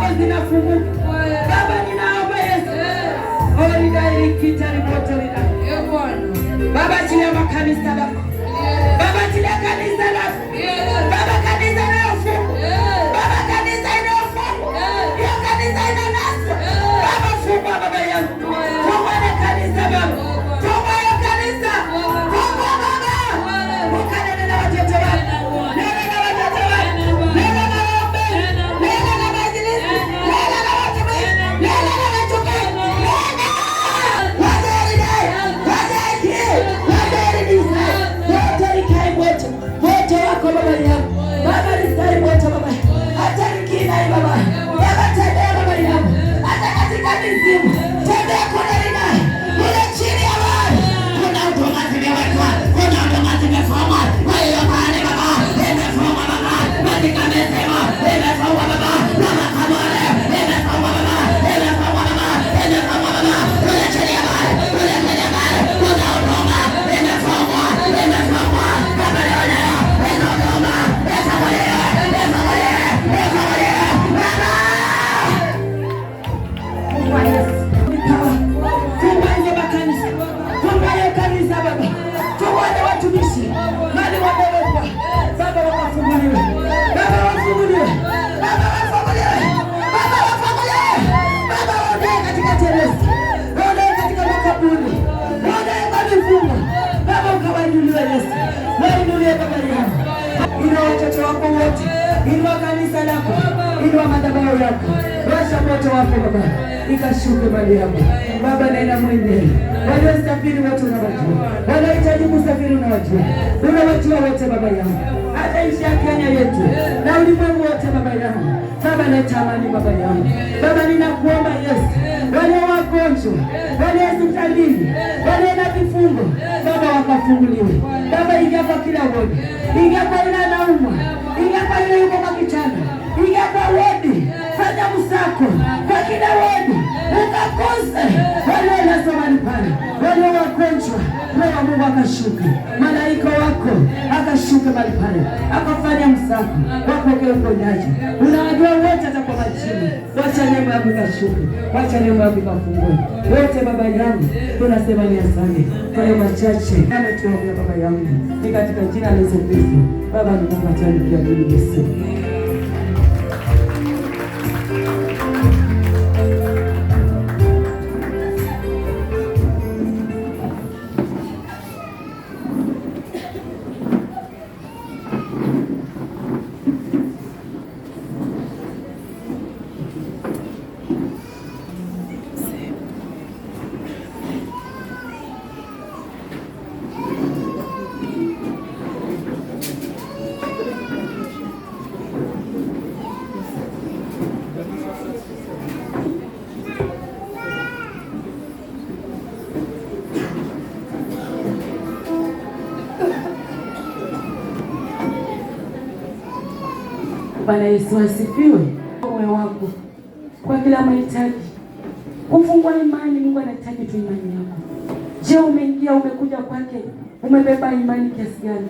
zako zinafunguka. Baba, ninaomba Yesu Baba, juu ya makanisa lako Baba, juu ya kanisa lako jina Baba kwa wale watumishi mali wamewekwa Baba, wakafunguliwe Baba, wafunguliwe Baba, wafunguliwe Baba, wafunguliwe Baba, waondoe katika jeneza, waondoe katika makaburi, waondoe kwa mifumo Baba, ukawainulie Yesu, wainulie Baba yangu, inua watoto wako wote, inua kanisa lako, inua madhabahu yako Washa moto wako Baba, ikashuke mali yako Baba, naenda mwenyewe. Waliosafiri wote unawajua, wanaohitaji kusafiri unawajua, unawajua wote Baba yangu, hata nchi ya Kenya yetu na ulimwengu wote Baba yangu. Baba leta amani Baba yangu, Baba ninakuomba Yesu, walio wagonjwa, walio hospitalini, walio na vifungo Baba wakafunguliwe Baba, ingia kwa kila mmoja, ingia kwa yule anaumwa, ingia kwa yule yuko hao wagonjwa, roho wa Mungu akashuke, malaika wako akashuke mahali pale, akafanya msafi wapokee uponyaji. Unawajua wote atakuwa majini, wacha neema yako ikashuke, wacha neema yako ikafungue wote. Baba yangu, tunasema ni asante kwa hayo machache ametuambia. Baba yangu, ni katika jina la Yesu Kristo, Baba nikupatia nikiamini Yesu Bwana Yesu asifiwe. Moyo wako kwa kila mahitaji, kufungua imani. Mungu anahitaji tu imani yako. Je, umeingia umekuja kwake, umebeba imani kiasi gani?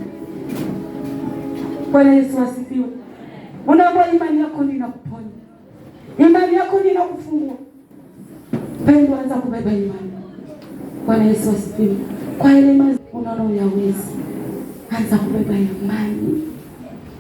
Bwana Yesu asifiwe. Unaambia imani yako inakuponya, imani yako inakufungua. Pendo, anza kubeba imani. Bwana Yesu asifiwe. Kwa ile unaona unaweza, anza kubeba imani.